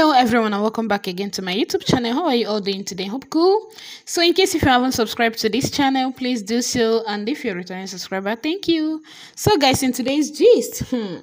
hello everyone and welcome back again to my youtube channel how are you all doing today hope cool so in case if you haven't subscribed to this channel please do so and if you're a returning subscriber thank you so guys in today's gist hmm,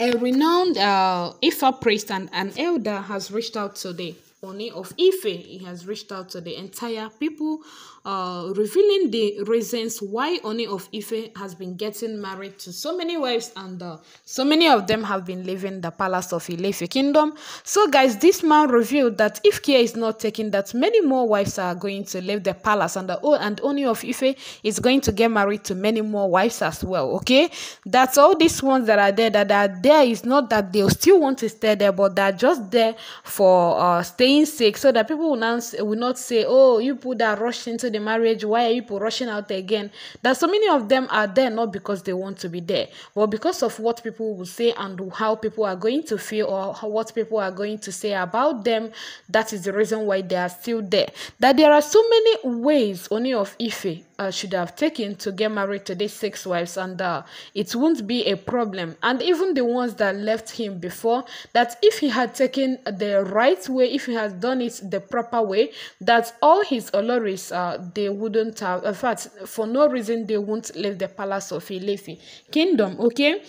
a renowned uh ifa priest and an elder has reached out today Oni of Ife, he has reached out to the entire people uh, revealing the reasons why Oni of Ife has been getting married to so many wives and uh, so many of them have been leaving the palace of Ilefe kingdom. So guys, this man revealed that if care is not taken, that many more wives are going to leave the palace and, the, uh, and Oni of Ife is going to get married to many more wives as well, okay? That's all these ones that are there, that are there is not that they still want to stay there, but they're just there for uh, staying sick so that people will not, will not say, oh, you put that rush into the marriage why are people rushing out there again that so many of them are there not because they want to be there but because of what people will say and how people are going to feel or what people are going to say about them that is the reason why they are still there that there are so many ways only of ife uh, should have taken to get married to these six wives, and uh, it won't be a problem. And even the ones that left him before, that if he had taken the right way, if he had done it the proper way, that all his Oloris, uh, they wouldn't have, in fact, for no reason, they won't leave the palace of Ilefi kingdom, okay?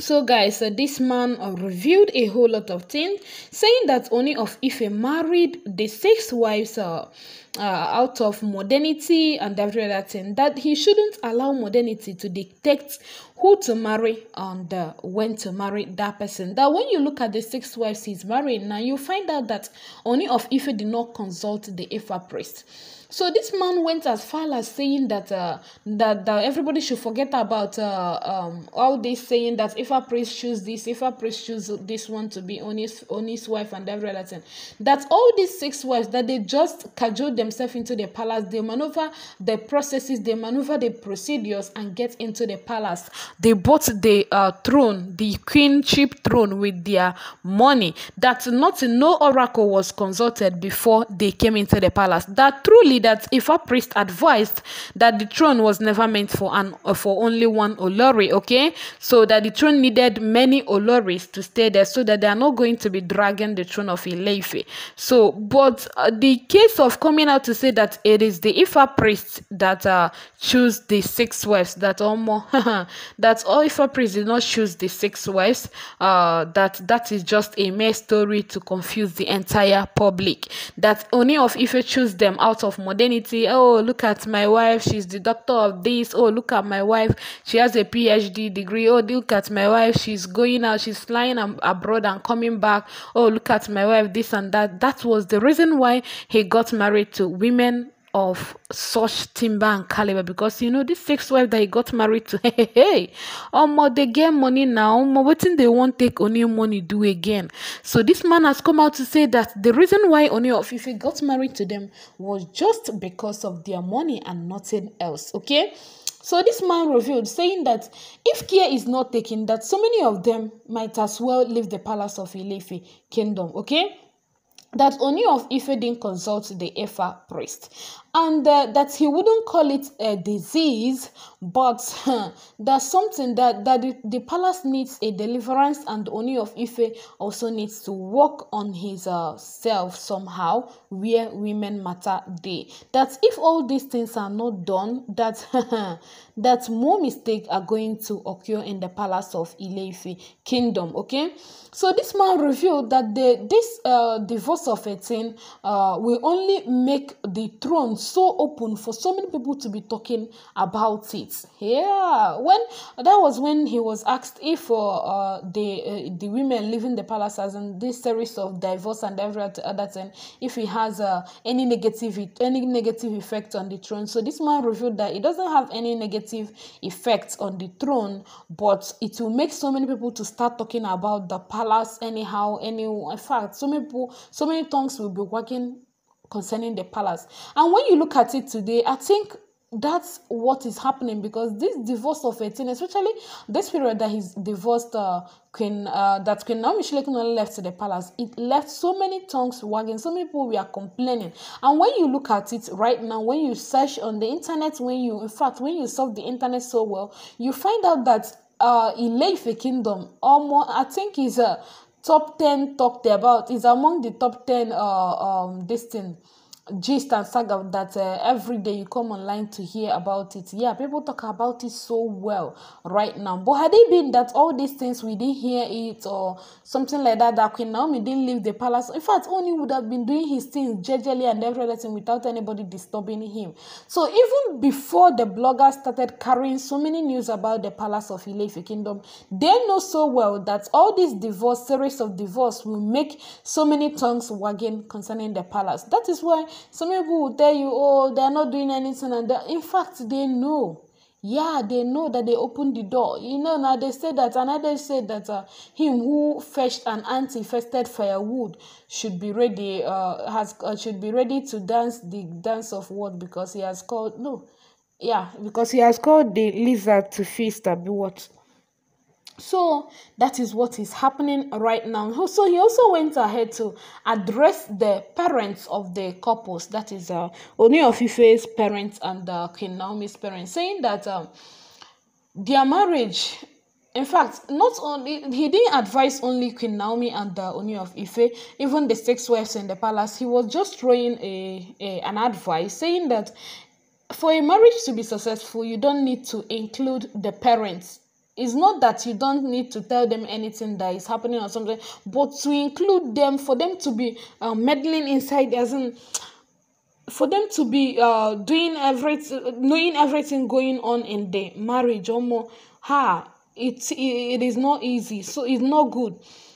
So guys, uh, this man uh, revealed a whole lot of things, saying that only of he married the six wives uh, uh, out of modernity and every other thing, that he shouldn't allow modernity to dictate who to marry and uh, when to marry that person. That when you look at the six wives he's marrying now, you find out that only of he did not consult the Ifa priest. So this man went as far as saying that uh, that, that everybody should forget about uh, um, all this saying that a priest choose this, a priest choose this one to be on his, on his wife and every other thing. That all these six wives that they just cajole themselves into the palace, they maneuver the processes, they maneuver the procedures and get into the palace. They bought the uh, throne, the queenship throne with their money. That not no oracle was consulted before they came into the palace. That truly that Ifa priest advised that the throne was never meant for an uh, for only one Olori, okay? So that the throne needed many Oloris to stay there so that they are not going to be dragging the throne of Ileife. So, but uh, the case of coming out to say that it is the Ifa priest that uh, choose the six wives that almost that all oh, Ifa priests did not choose the six wives, uh, that that is just a mere story to confuse the entire public. That only of Ife choose them out of modernity oh look at my wife she's the doctor of this oh look at my wife she has a phd degree oh look at my wife she's going out she's flying abroad and coming back oh look at my wife this and that that was the reason why he got married to women of such timber and caliber because you know this sixth wife that he got married to hey hey hey omo get money now omo wetin dey wan take Ooni money do again so this man has come out to say that the reason why Ooni of if he got married to them was just because of their money and nothing else okay so this man revealed saying that if care is not taken that so many of them might as well leave the palace of Ile-Ife kingdom okay that Oni of Ife didn't consult the Efa priest. and uh, that he wouldn't call it a disease, but uh, that's something that, that the, the, palace needs a deliverance, and Oni of Ife also needs to work on his uh, self somehow, where women matter day. That if all these things are not done, that that more mistakes are going to occur in the palace of Ileife kingdom. Okay, so this man revealed that the this uh, divorce of a thing uh, will only make the throne so open for so many people to be talking about it. Yeah, when that was when he was asked if uh, uh the uh, the women leaving the palaces and this series of divorce and every other thing, if it has uh, any negative any negative effect on the throne. So this man revealed that it doesn't have any negative effect on the throne, but it will make so many people to start talking about the palace anyhow. Any in fact, so many people, so many tongues will be working concerning the palace. And when you look at it today, I think that's what is happening because this divorce of 18, especially this period that he's divorced uh, Queen uh, that Queen Naomi Shilekunola left to the palace, it left so many tongues wagging. So many people are complaining. And when you look at it right now, when you search on the internet, when you in fact when you solve the internet so well, you find out that uh, he left the kingdom almost. I think he's a uh, top 10 talked about, is among the top 10 uh, um, this thing gist and saga that uh, every day you come online to hear about it. Yeah, people talk about it so well right now. But had it been that all these things we didn't hear it or something like that, that Queen Naomi didn't leave the palace, in fact, Oni would have been doing his things gingerly and everything without anybody disturbing him. So even before the bloggers started carrying so many news about the palace of Ilefi Kingdom, they know so well that all these divorce, series of divorce will make so many tongues wagging concerning the palace. That is why Some people will tell you, oh, they are not doing anything. And in fact, they know. Yeah, they know that they opened the door. You know, now they say that another said that uh, him who fetched an ant-infested firewood should be ready. Uh, has uh, should be ready to dance the dance of what because he has called no, yeah, because he has called the lizard to feast. Be what So that is what is happening right now. So he also went ahead to address the parents of the couples, that is uh, of Ofife's parents and uh, King Naomi's parents, saying that um, their marriage in fact, not only he didn't advise only Queen Naomi and the uh, Oni of Ife, even the six wives in the palace. He was just throwing a, a an advice saying that for a marriage to be successful, you don't need to include the parents it's not that you don't need to tell them anything that is happening or something, but to include them for them to be uh, meddling inside, as in for them to be uh, doing everything, knowing everything going on in the marriage or more. Ha, it, it is not easy, so it's not good.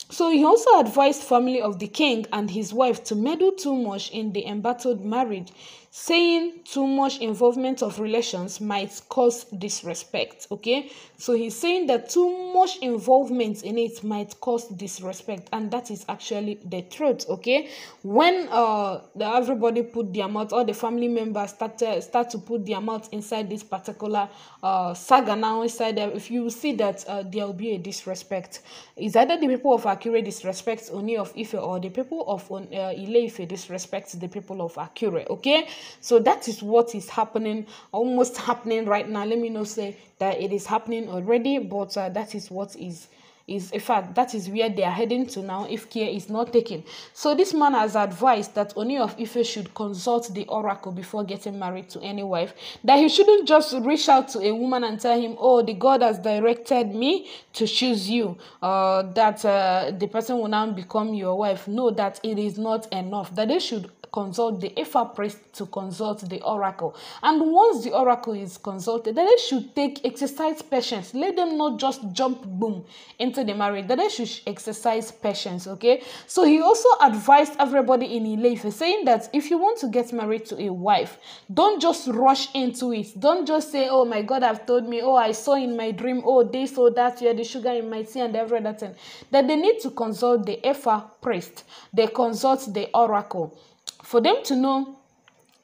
So he also advised family of the king and his wife to meddle too much in the embattled marriage, saying too much involvement of relations might cause disrespect okay so he's saying that too much involvement in it might cause disrespect and that is actually the truth okay when uh the, everybody put their mouth all the family members start to, start to put their mouth inside this particular uh saga now inside if you see that uh, there will be a disrespect is either the people of akure disrespect only of ife or the people of uh, Ife disrespect the people of akure okay so that is what is happening, almost happening right now. Let me not say that it is happening already, but uh, that is what is is in fact that is where they are heading to now if care is not taken. So this man has advised that Oni of Ife should consult the oracle before getting married to any wife. That he shouldn't just reach out to a woman and tell him, "Oh, the God has directed me to choose you." Uh, that uh, the person will now become your wife. No, that it is not enough. That they should consult the Ephra priest to consult the oracle. And once the oracle is consulted, then they should take exercise patience. Let them not just jump boom into the marriage. Then they should exercise patience. Okay. So he also advised everybody in Ilefe saying that if you want to get married to a wife, don't just rush into it. Don't just say, "Oh my God, I've told me. Oh, I saw in my dream. Oh, this or oh, that. had the sugar in my tea and every other thing." That they need to consult the Ephra priest. They consult the oracle for them to know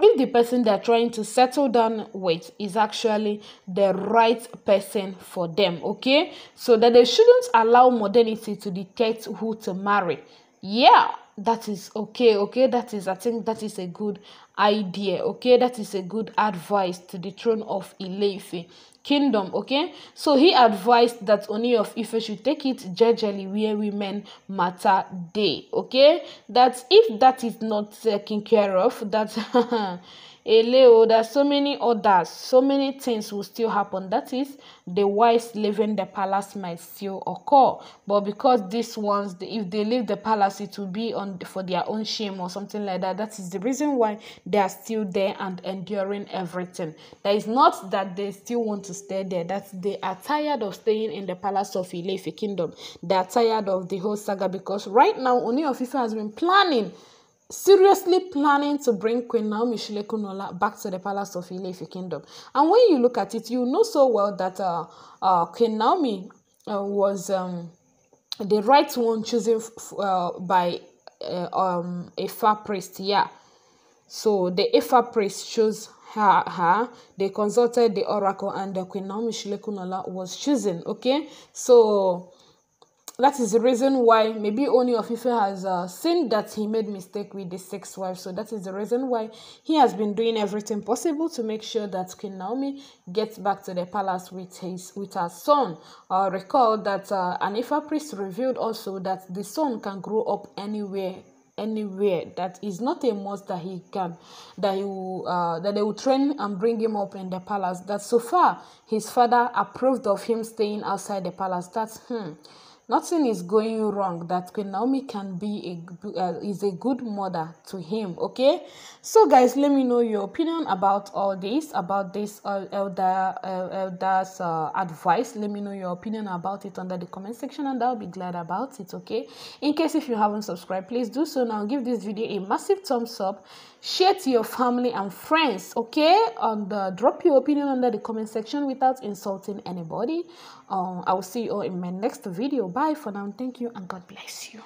if the person they're trying to settle down with is actually the right person for them, okay? So that they shouldn't allow modernity to dictate who to marry. Yeah, that is okay, okay? That is, I think that is a good idea, okay? That is a good advice to the throne of Ilefe. kingdom okay so he advised that Ooni of Ife should take it jejely where women matter day, okay that if that is not taken care of that a layover oh, so many others so many things will still happen that is the wives leaving the palace might still occur but because these ones if they leave the palace it will be on for their own shame or something like that that is the reason why they are still there and enduring everything that is not that they still want to stay there that they are tired of staying in the palace of Ilefi kingdom they are tired of the whole saga because right now Ooni of has been planning seriously planning to bring Queen Naomi Shilekunola back to the palace of Ilefi kingdom. And when you look at it, you know so well that uh, uh, Queen Naomi uh, was um, the right one chosen uh, by uh, um, a far priest, yeah. So the Ifa priest chose her, her. They consulted the oracle and the Queen Naomi Shilekunola was chosen, okay? So that is the reason why maybe Oni of Ife has uh, seen that he made mistake with the sixth wife. So that is the reason why he has been doing everything possible to make sure that King Naomi gets back to the palace with his with her son. Uh, recall that uh, an Ifa priest revealed also that the son can grow up anywhere anywhere that is not a must that he can that he will, uh, that they will train and bring him up in the palace that so far his father approved of him staying outside the palace that's hmm Nothing is going wrong that Queen Naomi can be a uh, is a good mother to him okay so guys let me know your opinion about all this about this uh, elder uh, elder's uh, advice let me know your opinion about it under the comment section and I'll be glad about it okay in case if you haven't subscribed please do so now give this video a massive thumbs up share to your family and friends okay and um, uh, drop your opinion under the comment section without insulting anybody um, i will see you all in my next video bye for now thank you and god bless you